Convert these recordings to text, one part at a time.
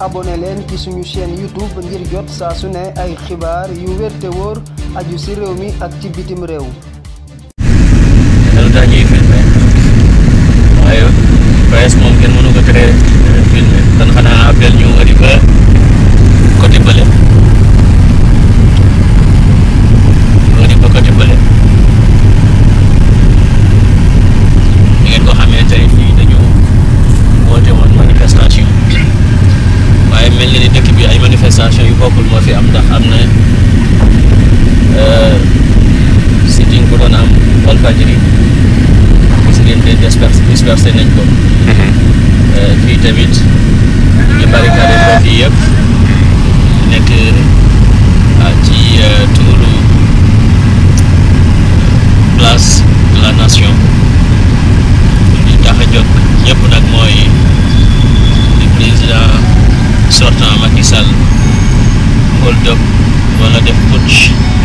abonné leen ci suñu chaîne YouTube ngir jot saa su ne ay xibaar yu wér te aju ci réew mi ak ci bitim réew. loolu daal ñuy ko tere filmé kon xanaa ñu ëri diggante dispersé dispersé nañ ko. Mhm. Euh, fii tamit ñu barricade mbokk yi ah, euh, tuuru euh, place la nation li tax a jóg nag mooy le président sortant Macky Sall hold def putsch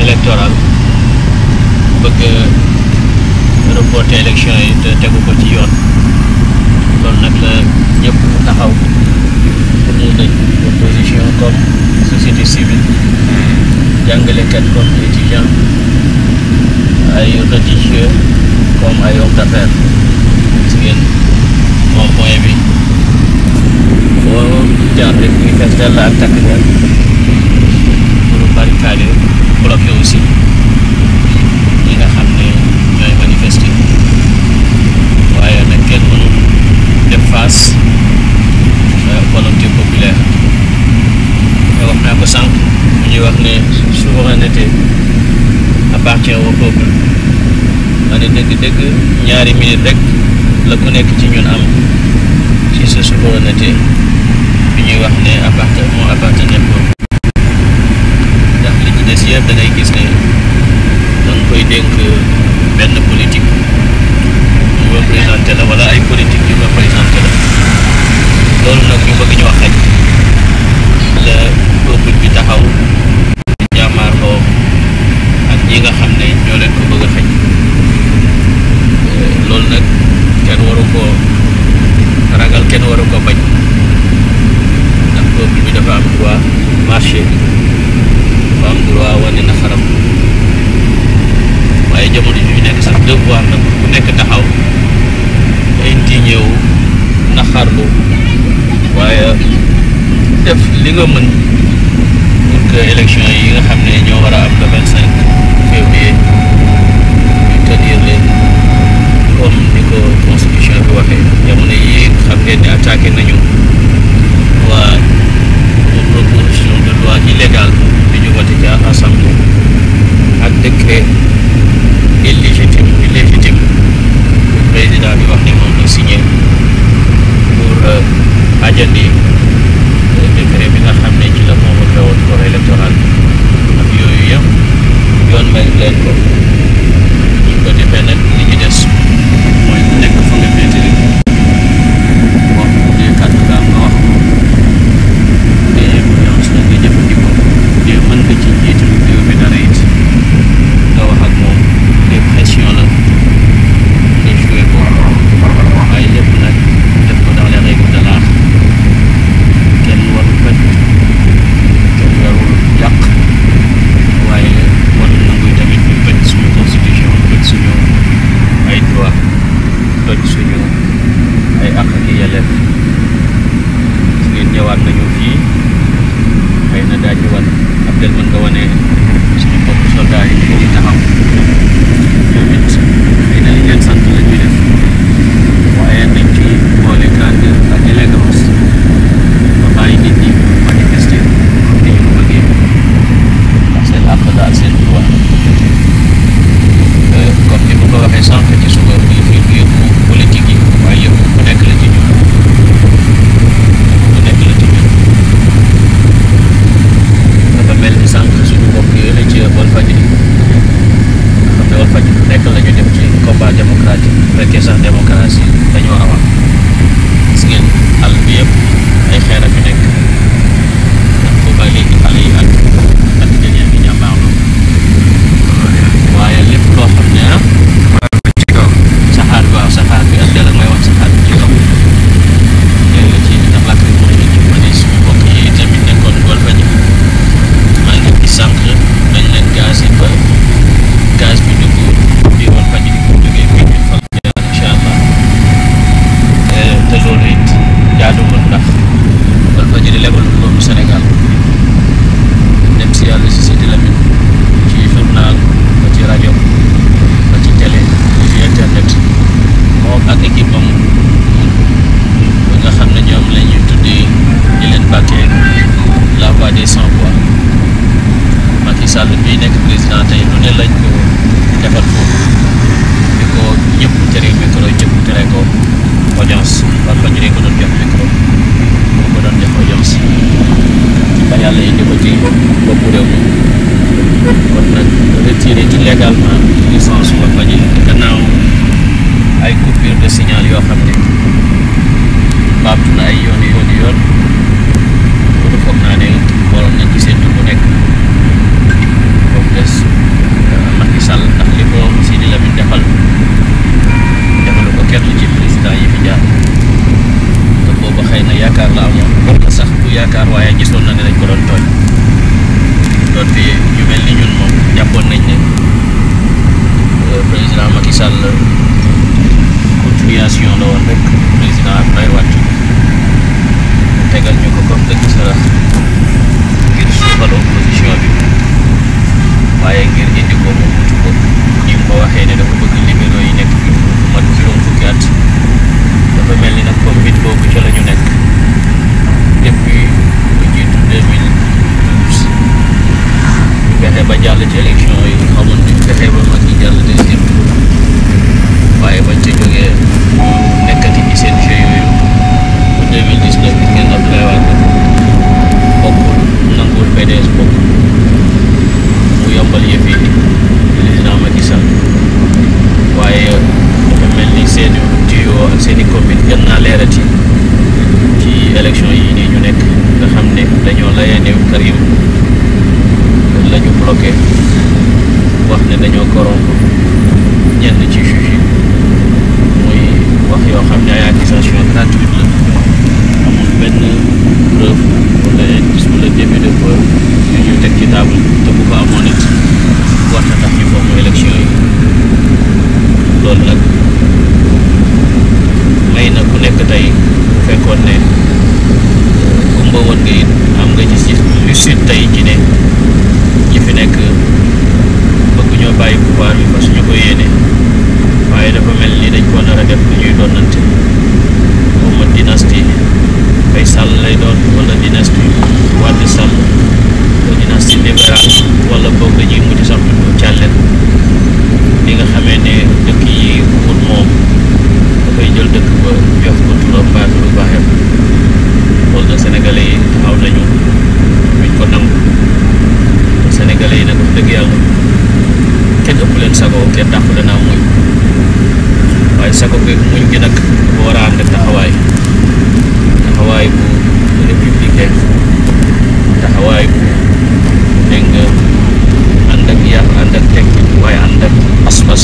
électoral bëgg. reporté élection yi te tegu ko ci yoon loolu nag la ñëpp taxaw pour ñu daj opposition comme société civile jàngalekat comme étudiant ay religieux comme ay homme d'affaires gis ngeen moom moyen bi foo jaar rek ñu fees dell ak takk der pour aussi souveraineté appartient au peuple ma dëgg-dëgg ñaari minute rek la ku nekk ci ñun am ci sa souveraineté bi ñuy wax ne appartient moo appartenir ko ndax li ci des yëpp da gis ne danga koy dénk benn politique mu représenté la wala ay politique yu représenté la loolu nag ñu bëgg ñoo xaj la peuple bi taxaw pouvoir la pour ku nekk taxaw indiñé wu naxarlu waaye def li nga mën pour que élection yi nga xam ne ñoo war a am le vingt cinq février ñu tenir leen comme ni ko constitution bi waxee jamono yi xam ngeen ne attaqué nañu leen ko mën nga wane dañoo corrompre ñenn ci juge muy wax yoo xam ne ay accusation gratuite la amul benn preuve wala gis wala début de preuve yu ñu teg ci table te bu ko amoon it war na tax ñu fomm élection yi loolu nag may na ku nekk tey bu fekkoon ne kumba woon nga it am nga gis-gis lu sit tey ne ñoo bàyyi pouvoir bi parce que ko yéene waaye dafa mel ni dañ koo nar a def lu ñuy doonante moom ma dynastie ay sàll lay doon wala dynastie wàdd sàll wala dynastie libéral wala boog dañuy mujj sax ñu càlleen li nga xamee ne dëkk yi pour moom dafay jël dëkk ba jox ko turam mbaa ko nangu sénégalais yi nag wax dëgg yàlla ëpp leen sago kenn dàqu leen a muñ waaye sago bi muñ gi nag bu war a ànd ak taxawaay taxawaay bu républicain nga ànd ak yar ànd ak teg waaye ànd ak pas-pas